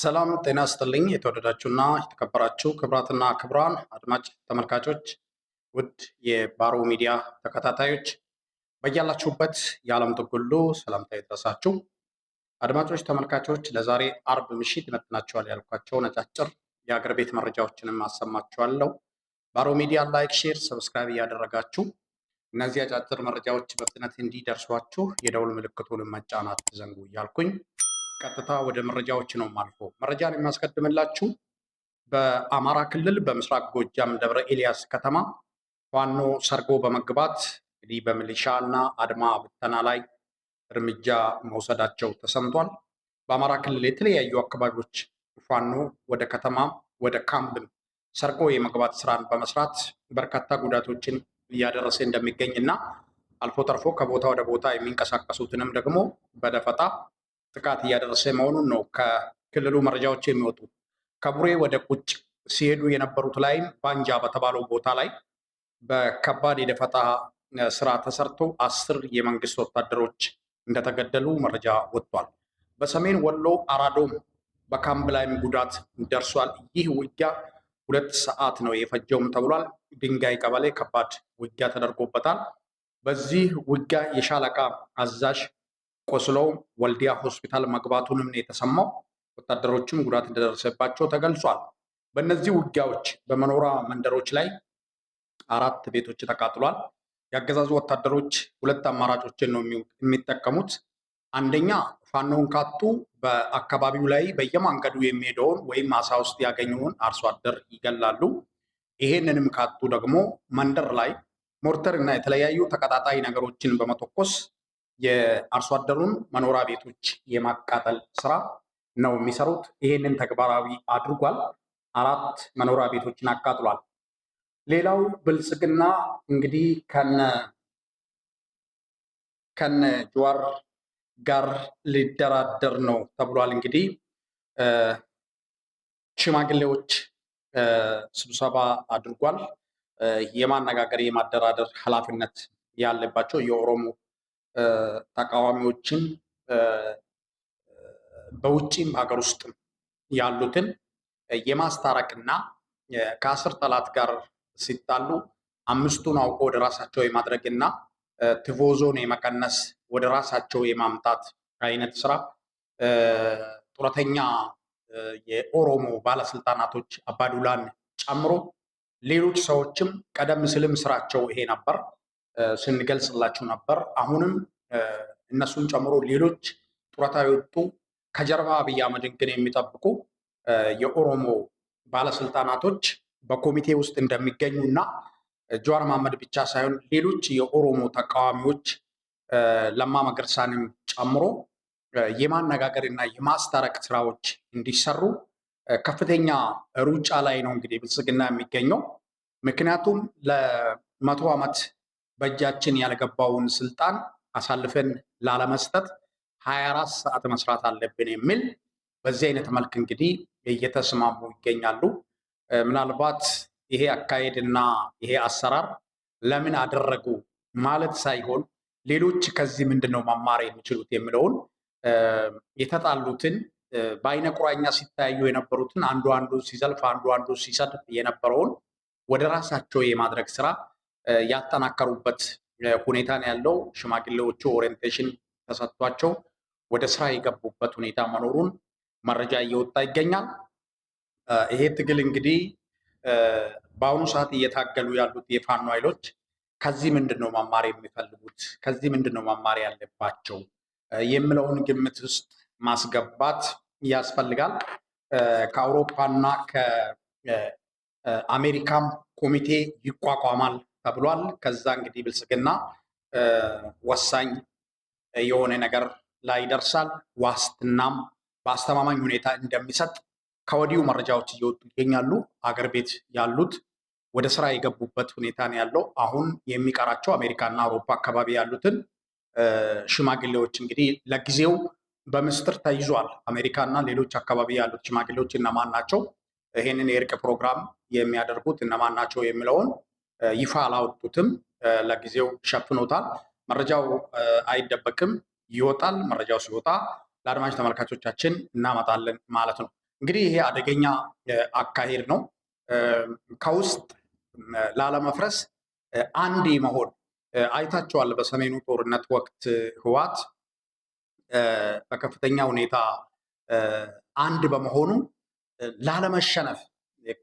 ሰላም ጤና ስጥልኝ የተወደዳችሁና የተከበራችሁ ክብራትና ክብራን አድማጭ ተመልካቾች፣ ውድ የባሮ ሚዲያ ተከታታዮች በያላችሁበት የዓለም ጥግ ሁሉ ሰላምታ ይድረሳችሁ። አድማጮች፣ ተመልካቾች ለዛሬ አርብ ምሽት ይመጥናችኋል ያልኳቸውን አጫጭር የአገር ቤት መረጃዎችንም አሰማችኋለሁ። ባሮ ሚዲያ ላይክ፣ ሼር፣ ሰብስክራይብ እያደረጋችሁ እነዚህ አጫጭር መረጃዎች በፍጥነት እንዲደርሷችሁ የደውል ምልክቱንም መጫን አትዘንጉ እያልኩኝ ቀጥታ ወደ መረጃዎች ነው ማልፎ መረጃን የሚያስቀድምላችሁ በአማራ ክልል በምስራቅ ጎጃም ደብረ ኤልያስ ከተማ ፋኖ ሰርጎ በመግባት እንግዲህ በሚሊሻ እና አድማ ብተና ላይ እርምጃ መውሰዳቸው ተሰምቷል። በአማራ ክልል የተለያዩ አካባቢዎች ፋኖ ወደ ከተማም ወደ ካምፕም ሰርጎ የመግባት ስራን በመስራት በርካታ ጉዳቶችን እያደረሰ እንደሚገኝ እና አልፎ ተርፎ ከቦታ ወደ ቦታ የሚንቀሳቀሱትንም ደግሞ በደፈጣ ጥቃት እያደረሰ መሆኑን ነው ከክልሉ መረጃዎች የሚወጡ። ከቡሬ ወደ ቁጭ ሲሄዱ የነበሩት ላይም ባንጃ በተባለው ቦታ ላይ በከባድ የደፈጣ ስራ ተሰርቶ አስር የመንግስት ወታደሮች እንደተገደሉ መረጃ ወጥቷል። በሰሜን ወሎ አራዶም በካምፕ ላይም ጉዳት ደርሷል። ይህ ውጊያ ሁለት ሰዓት ነው የፈጀውም ተብሏል። ድንጋይ ቀበሌ ከባድ ውጊያ ተደርጎበታል። በዚህ ውጊያ የሻለቃ አዛዥ ቆስሎ ወልዲያ ሆስፒታል መግባቱንም ነው የተሰማው። ወታደሮችም ጉዳት እንደደረሰባቸው ተገልጿል። በእነዚህ ውጊያዎች በመኖሪያ መንደሮች ላይ አራት ቤቶች ተቃጥሏል። የአገዛዙ ወታደሮች ሁለት አማራጮችን ነው የሚጠቀሙት። አንደኛ ፋኖውን ካጡ በአካባቢው ላይ በየማንገዱ የሚሄደውን ወይም አሳ ውስጥ ያገኘውን አርሶ አደር ይገላሉ። ይሄንንም ካጡ ደግሞ መንደር ላይ ሞርተር እና የተለያዩ ተቀጣጣይ ነገሮችን በመተኮስ የአርሶ አደሩን መኖሪያ ቤቶች የማቃጠል ስራ ነው የሚሰሩት። ይህንን ተግባራዊ አድርጓል። አራት መኖሪያ ቤቶችን አቃጥሏል። ሌላው ብልጽግና እንግዲህ ከነ ከነ ጀዋር ጋር ሊደራደር ነው ተብሏል። እንግዲህ ሽማግሌዎች ስብሰባ አድርጓል። የማነጋገር የማደራደር ኃላፊነት ያለባቸው የኦሮሞ ተቃዋሚዎችን በውጭም ሀገር ውስጥም ያሉትን የማስታረቅና ከአስር ጠላት ጋር ሲጣሉ አምስቱን አውቆ ወደ ራሳቸው የማድረግና ትቮዞን የመቀነስ ወደ ራሳቸው የማምጣት አይነት ስራ ጡረተኛ የኦሮሞ ባለስልጣናቶች አባዱላን ጨምሮ ሌሎች ሰዎችም ቀደም ሲልም ስራቸው ይሄ ነበር። ስንገልጽላችሁ ነበር። አሁንም እነሱን ጨምሮ ሌሎች ጡረታ የወጡ ከጀርባ አብይ አህመድን ግን የሚጠብቁ የኦሮሞ ባለስልጣናቶች በኮሚቴ ውስጥ እንደሚገኙ እና ጀዋር መሐመድ ብቻ ሳይሆን ሌሎች የኦሮሞ ተቃዋሚዎች ለማ መገርሳንም ጨምሮ የማነጋገር እና የማስታረቅ ስራዎች እንዲሰሩ ከፍተኛ ሩጫ ላይ ነው እንግዲህ ብልጽግና የሚገኘው። ምክንያቱም ለመቶ ዓመት በእጃችን ያልገባውን ስልጣን አሳልፈን ላለመስጠት ሀያ አራት ሰዓት መስራት አለብን የሚል በዚህ አይነት መልክ እንግዲህ እየተስማሙ ይገኛሉ። ምናልባት ይሄ አካሄድና ይሄ አሰራር ለምን አደረጉ ማለት ሳይሆን ሌሎች ከዚህ ምንድን ነው መማር የሚችሉት የሚለውን የተጣሉትን በአይነ ቁራኛ ሲታያዩ የነበሩትን አንዱ አንዱ ሲዘልፍ፣ አንዱ አንዱ ሲሰድፍ የነበረውን ወደ ራሳቸው የማድረግ ስራ ያጠናከሩበት ሁኔታ ነው ያለው። ሽማግሌዎቹ ኦሪንቴሽን ተሰጥቷቸው ወደ ስራ የገቡበት ሁኔታ መኖሩን መረጃ እየወጣ ይገኛል። ይሄ ትግል እንግዲህ በአሁኑ ሰዓት እየታገሉ ያሉት የፋኖ ኃይሎች ከዚህ ምንድን ነው መማር የሚፈልጉት፣ ከዚህ ምንድን ነው መማር ያለባቸው የሚለውን ግምት ውስጥ ማስገባት ያስፈልጋል። ከአውሮፓና ከአሜሪካም ኮሚቴ ይቋቋማል ተብሏል። ከዛ እንግዲህ ብልጽግና ወሳኝ የሆነ ነገር ላይ ይደርሳል። ዋስትናም በአስተማማኝ ሁኔታ እንደሚሰጥ ከወዲሁ መረጃዎች እየወጡ ይገኛሉ። አገር ቤት ያሉት ወደ ስራ የገቡበት ሁኔታ ነው ያለው። አሁን የሚቀራቸው አሜሪካና አውሮፓ አካባቢ ያሉትን ሽማግሌዎች እንግዲህ ለጊዜው በምስጥር ተይዟል። አሜሪካና ሌሎች አካባቢ ያሉት ሽማግሌዎች እነማን ናቸው፣ ይህንን የእርቅ ፕሮግራም የሚያደርጉት እነማን ናቸው የሚለውን ይፋ አላወጡትም። ለጊዜው ሸፍኖታል። መረጃው አይደበቅም፣ ይወጣል። መረጃው ሲወጣ ለአድማጭ ተመልካቾቻችን እናመጣለን ማለት ነው። እንግዲህ ይሄ አደገኛ አካሄድ ነው። ከውስጥ ላለመፍረስ አንድ መሆን አይታቸዋል። በሰሜኑ ጦርነት ወቅት ህዋት በከፍተኛ ሁኔታ አንድ በመሆኑ ላለመሸነፍ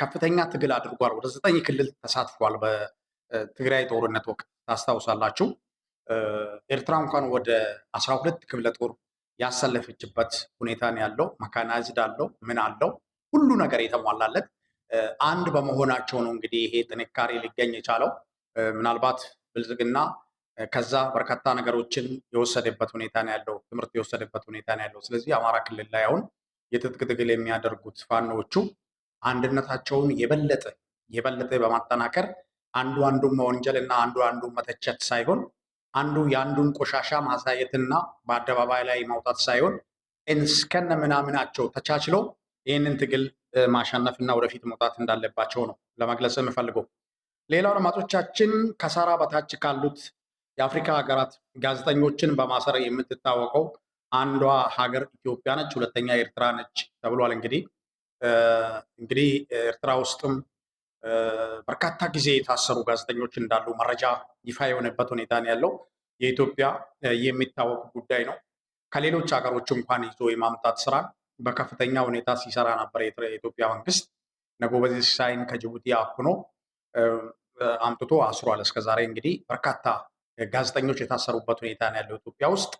ከፍተኛ ትግል አድርጓል። ወደ ዘጠኝ ክልል ተሳትፏል። በትግራይ ጦርነት ወቅት ታስታውሳላችሁ። ኤርትራ እንኳን ወደ አስራ ሁለት ክፍለ ጦር ያሰለፈችበት ሁኔታን ያለው መካናይዝድ አለው ምን አለው ሁሉ ነገር የተሟላለት አንድ በመሆናቸው ነው እንግዲህ ይሄ ጥንካሬ ሊገኝ የቻለው። ምናልባት ብልጽግና ከዛ በርካታ ነገሮችን የወሰደበት ሁኔታ ነው ያለው፣ ትምህርት የወሰደበት ሁኔታ ነው ያለው። ስለዚህ አማራ ክልል ላይ አሁን የትጥቅ ትግል የሚያደርጉት ፋኖቹ አንድነታቸውን የበለጠ የበለጠ በማጠናከር አንዱ አንዱን መወንጀል እና አንዱ አንዱን መተቸት ሳይሆን አንዱ የአንዱን ቆሻሻ ማሳየትና በአደባባይ ላይ ማውጣት ሳይሆን እስከነ ምናምናቸው ተቻችሎ ይህንን ትግል ማሸነፍና ወደፊት መውጣት እንዳለባቸው ነው ለመግለጽ የምፈልገው። ሌላው አድማጮቻችን ከሰሃራ በታች ካሉት የአፍሪካ ሀገራት ጋዜጠኞችን በማሰር የምትታወቀው አንዷ ሀገር ኢትዮጵያ ነች፣ ሁለተኛ ኤርትራ ነች ተብሏል። እንግዲህ እንግዲህ ኤርትራ ውስጥም በርካታ ጊዜ የታሰሩ ጋዜጠኞች እንዳሉ መረጃ ይፋ የሆነበት ሁኔታ ነው ያለው። የኢትዮጵያ የሚታወቅ ጉዳይ ነው። ከሌሎች ሀገሮች እንኳን ይዞ የማምጣት ስራ በከፍተኛ ሁኔታ ሲሰራ ነበር የኢትዮጵያ መንግስት። ነጎበዝ ሲሳይን ከጅቡቲ አፍኖ አምጥቶ አስሯል። እስከዛሬ እንግዲህ በርካታ ጋዜጠኞች የታሰሩበት ሁኔታ ነው ያለው ኢትዮጵያ ውስጥ።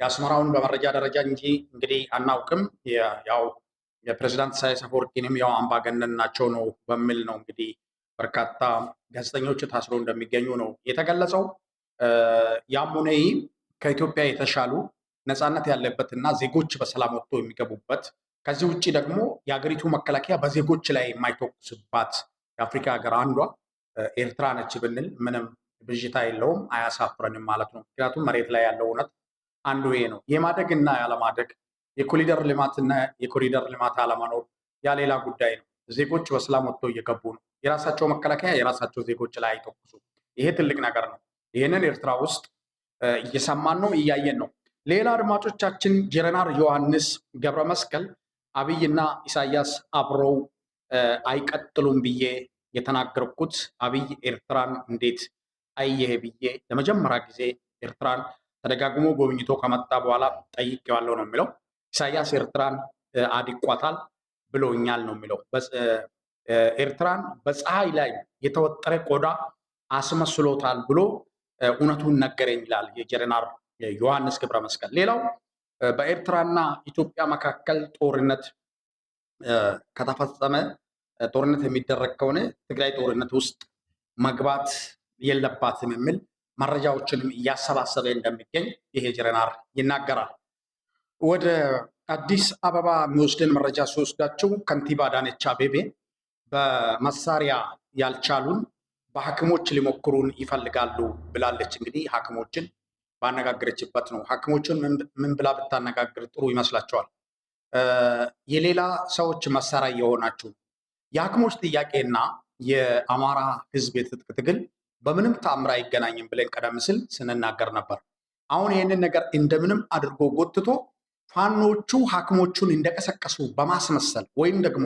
የአስመራውን በመረጃ ደረጃ እንጂ እንግዲህ አናውቅም ያው የፕሬዚዳንት ኢሳያስ አፈወርቂንም ያው አምባገነን ናቸው ነው በሚል ነው እንግዲህ በርካታ ጋዜጠኞች ታስሮ እንደሚገኙ ነው የተገለጸው። ያም ሆነ ይህ ከኢትዮጵያ የተሻሉ ነፃነት ያለበትና ዜጎች በሰላም ወጥቶ የሚገቡበት ከዚህ ውጭ ደግሞ የሀገሪቱ መከላከያ በዜጎች ላይ የማይተኩስባት የአፍሪካ ሀገር አንዷ ኤርትራ ነች ብንል ምንም ብዥታ የለውም፣ አያሳፍረንም ማለት ነው። ምክንያቱም መሬት ላይ ያለው እውነት አንዱ ይሄ ነው። የማደግ እና ያለማደግ የኮሪደር ልማትና የኮሪደር ልማት አለመኖር ያ ሌላ ጉዳይ ነው። ዜጎች በሰላም ወጥቶ እየገቡ ነው። የራሳቸው መከላከያ የራሳቸው ዜጎች ላይ አይተኩሱ። ይሄ ትልቅ ነገር ነው። ይህንን ኤርትራ ውስጥ እየሰማን ነው፣ እያየን ነው። ሌላ አድማጮቻችን ጀነራል ዮሐንስ ገብረ መስቀል አብይና ኢሳያስ አብረው አይቀጥሉም ብዬ የተናገርኩት አብይ ኤርትራን እንዴት አየህ ብዬ ለመጀመሪያ ጊዜ ኤርትራን ተደጋግሞ ጎብኝቶ ከመጣ በኋላ ጠይቄዋለሁ ነው የሚለው። ኢሳያስ ኤርትራን አድቋታል ብሎኛል ነው የሚለው። ኤርትራን በፀሐይ ላይ የተወጠረ ቆዳ አስመስሎታል ብሎ እውነቱን ነገረኝ ይላል የጀነራል ዮሐንስ ገብረ መስቀል። ሌላው በኤርትራና ኢትዮጵያ መካከል ጦርነት ከተፈጸመ ጦርነት የሚደረግ ከሆነ ትግራይ ጦርነት ውስጥ መግባት የለባትም የሚል መረጃዎችንም እያሰባሰበ እንደሚገኝ ይሄ ጀነራል ይናገራል። ወደ አዲስ አበባ የሚወስደን መረጃ ሲወስዳቸው ከንቲባ አዳነች አቤቤ በመሳሪያ ያልቻሉን በሐኪሞች ሊሞክሩን ይፈልጋሉ ብላለች። እንግዲህ ሐኪሞችን ባነጋገረችበት ነው። ሐኪሞችን ምን ብላ ብታነጋግር ጥሩ ይመስላቸዋል? የሌላ ሰዎች መሳሪያ የሆናችሁ የሐኪሞች ጥያቄና የአማራ ሕዝብ የትጥቅ ትግል በምንም ተአምር አይገናኝም ብለን ቀደም ሲል ስንናገር ነበር። አሁን ይህንን ነገር እንደምንም አድርጎ ጎትቶ ፋኖቹ ሐኪሞቹን እንደቀሰቀሱ በማስመሰል ወይም ደግሞ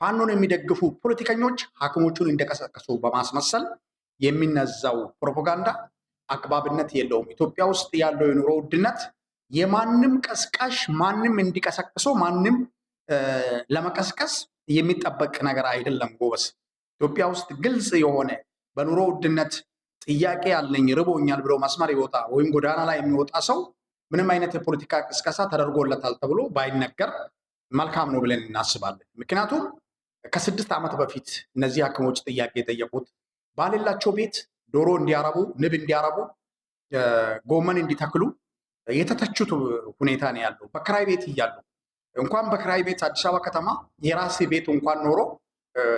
ፋኖን የሚደግፉ ፖለቲከኞች ሐኪሞቹን እንደቀሰቀሱ በማስመሰል የሚነዛው ፕሮፓጋንዳ አግባብነት የለውም። ኢትዮጵያ ውስጥ ያለው የኑሮ ውድነት የማንም ቀስቃሽ ማንም እንዲቀሰቅሶ ማንም ለመቀስቀስ የሚጠበቅ ነገር አይደለም ጎበስ። ኢትዮጵያ ውስጥ ግልጽ የሆነ በኑሮ ውድነት ጥያቄ ያለኝ ርቦኛል ብሎ መስመር ይወጣ ወይም ጎዳና ላይ የሚወጣ ሰው ምንም አይነት የፖለቲካ ቅስቀሳ ተደርጎለታል ተብሎ ባይነገር መልካም ነው ብለን እናስባለን። ምክንያቱም ከስድስት ዓመት በፊት እነዚህ ሐኪሞች ጥያቄ የጠየቁት ባሌላቸው ቤት ዶሮ እንዲያረቡ፣ ንብ እንዲያረቡ፣ ጎመን እንዲተክሉ የተተቹት ሁኔታ ነው ያለው። በክራይ ቤት እያሉ እንኳን በክራይ ቤት አዲስ አበባ ከተማ የራሴ ቤት እንኳን ኖሮ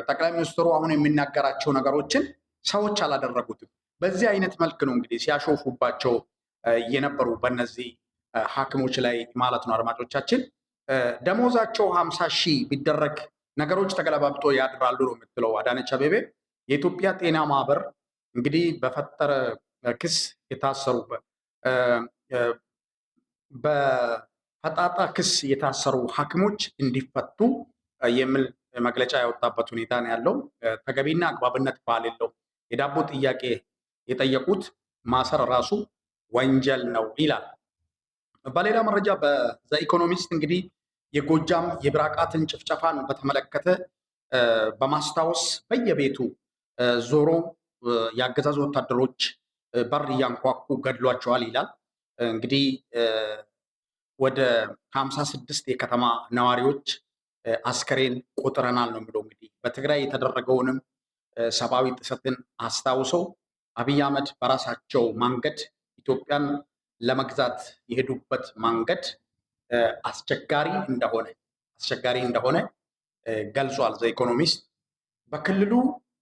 ጠቅላይ ሚኒስትሩ አሁን የሚናገራቸው ነገሮችን ሰዎች አላደረጉትም። በዚህ አይነት መልክ ነው እንግዲህ ሲያሾፉባቸው የነበሩ በነዚህ ሐኪሞች ላይ ማለት ነው። አድማጮቻችን ደሞዛቸው ሀምሳ ሺህ ቢደረግ ነገሮች ተገለባብጦ ያድራሉ ነው የምትለው አዳነች አቤቤ። የኢትዮጵያ ጤና ማህበር እንግዲህ በፈጠረ ክስ የታሰሩ በፈጣጣ ክስ የታሰሩ ሐኪሞች እንዲፈቱ የሚል መግለጫ ያወጣበት ሁኔታ ነው ያለው። ተገቢና አግባብነት ባሌለው የዳቦ ጥያቄ የጠየቁት ማሰር ራሱ ወንጀል ነው ይላል። በሌላ መረጃ ኢኮኖሚስት እንግዲህ የጎጃም የብራቃትን ጭፍጨፋን በተመለከተ በማስታወስ በየቤቱ ዞሮ የአገዛዝ ወታደሮች በር እያንኳኩ ገድሏቸዋል ይላል። እንግዲህ ወደ ሀምሳ ስድስት የከተማ ነዋሪዎች አስከሬን ቆጥረናል ነው የሚለው። እንግዲህ በትግራይ የተደረገውንም ሰብአዊ ጥሰትን አስታውሰው አብይ አህመድ በራሳቸው ማንገድ ኢትዮጵያን ለመግዛት የሄዱበት መንገድ አስቸጋሪ እንደሆነ አስቸጋሪ እንደሆነ ገልጿል። ዘኢኮኖሚስት በክልሉ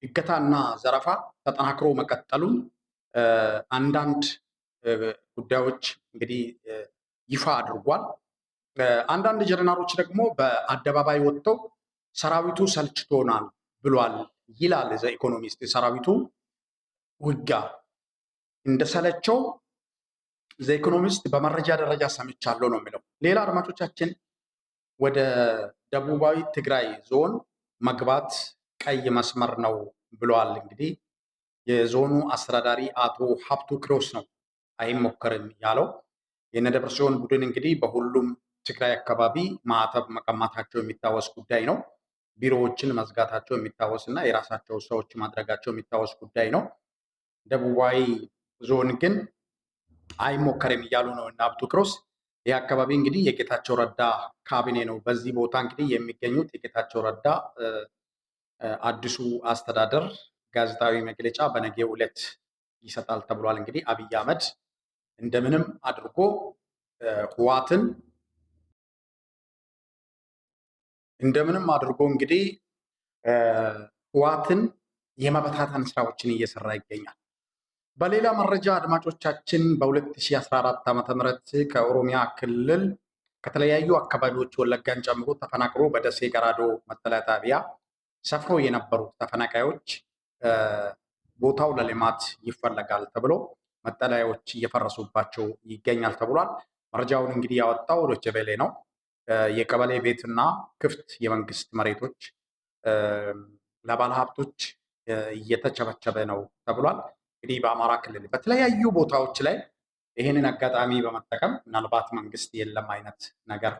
እገታና ዘረፋ ተጠናክሮ መቀጠሉን አንዳንድ ጉዳዮች እንግዲህ ይፋ አድርጓል። አንዳንድ ጀነራሎች ደግሞ በአደባባይ ወጥተው ሰራዊቱ ሰልችቶናል ብሏል ይላል ዘኢኮኖሚስት። ሰራዊቱ ውጊያ እንደሰለቸው ዘኢኮኖሚስት በመረጃ ደረጃ ሰምቻለሁ ነው የሚለው። ሌላ አድማጮቻችን ወደ ደቡባዊ ትግራይ ዞን መግባት ቀይ መስመር ነው ብለዋል። እንግዲህ የዞኑ አስተዳዳሪ አቶ ሀብቱ ክሮስ ነው አይሞከርም ያለው። የነ ደብረ ጽዮን ቡድን እንግዲህ በሁሉም ትግራይ አካባቢ ማዕተብ መቀማታቸው የሚታወስ ጉዳይ ነው። ቢሮዎችን መዝጋታቸው የሚታወስ እና የራሳቸው ሰዎች ማድረጋቸው የሚታወስ ጉዳይ ነው። ደቡባዊ ዞን ግን አይሞከርም እያሉ ነው እና አብዱ ክሮስ ይህ አካባቢ እንግዲህ የጌታቸው ረዳ ካቢኔ ነው። በዚህ ቦታ እንግዲህ የሚገኙት የጌታቸው ረዳ አዲሱ አስተዳደር ጋዜጣዊ መግለጫ በነጌ ዕለት ይሰጣል ተብሏል። እንግዲህ አብይ አህመድ እንደምንም አድርጎ ህዋትን እንደምንም አድርጎ እንግዲህ ህዋትን የመበታተን ስራዎችን እየሰራ ይገኛል። በሌላ መረጃ አድማጮቻችን በ2014 ዓ ም ከኦሮሚያ ክልል ከተለያዩ አካባቢዎች ወለጋን ጨምሮ ተፈናቅሎ በደሴ ገራዶ መጠለያ ጣቢያ ሰፍረው የነበሩት ተፈናቃዮች ቦታው ለልማት ይፈለጋል ተብሎ መጠለያዎች እየፈረሱባቸው ይገኛል ተብሏል። መረጃውን እንግዲህ ያወጣው ዶቼ ቬለ ነው። የቀበሌ ቤትና ክፍት የመንግስት መሬቶች ለባለሀብቶች እየተቸበቸበ ነው ተብሏል። እንግዲህ በአማራ ክልል በተለያዩ ቦታዎች ላይ ይህንን አጋጣሚ በመጠቀም ምናልባት መንግስት የለም አይነት ነገር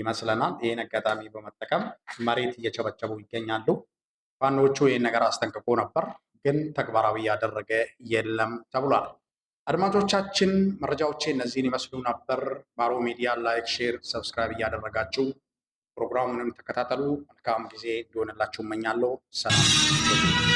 ይመስለናል። ይህን አጋጣሚ በመጠቀም መሬት እየቸበቸቡ ይገኛሉ። ፋኖቹ ይህን ነገር አስጠንቅቆ ነበር፣ ግን ተግባራዊ ያደረገ የለም ተብሏል። አድማጮቻችን መረጃዎቼ እነዚህን ይመስሉ ነበር። ባሮ ሚዲያ ላይክ፣ ሼር፣ ሰብስክራይብ እያደረጋችሁ ፕሮግራሙንም ተከታተሉ። መልካም ጊዜ እንዲሆንላችሁ እመኛለሁ። ሰላም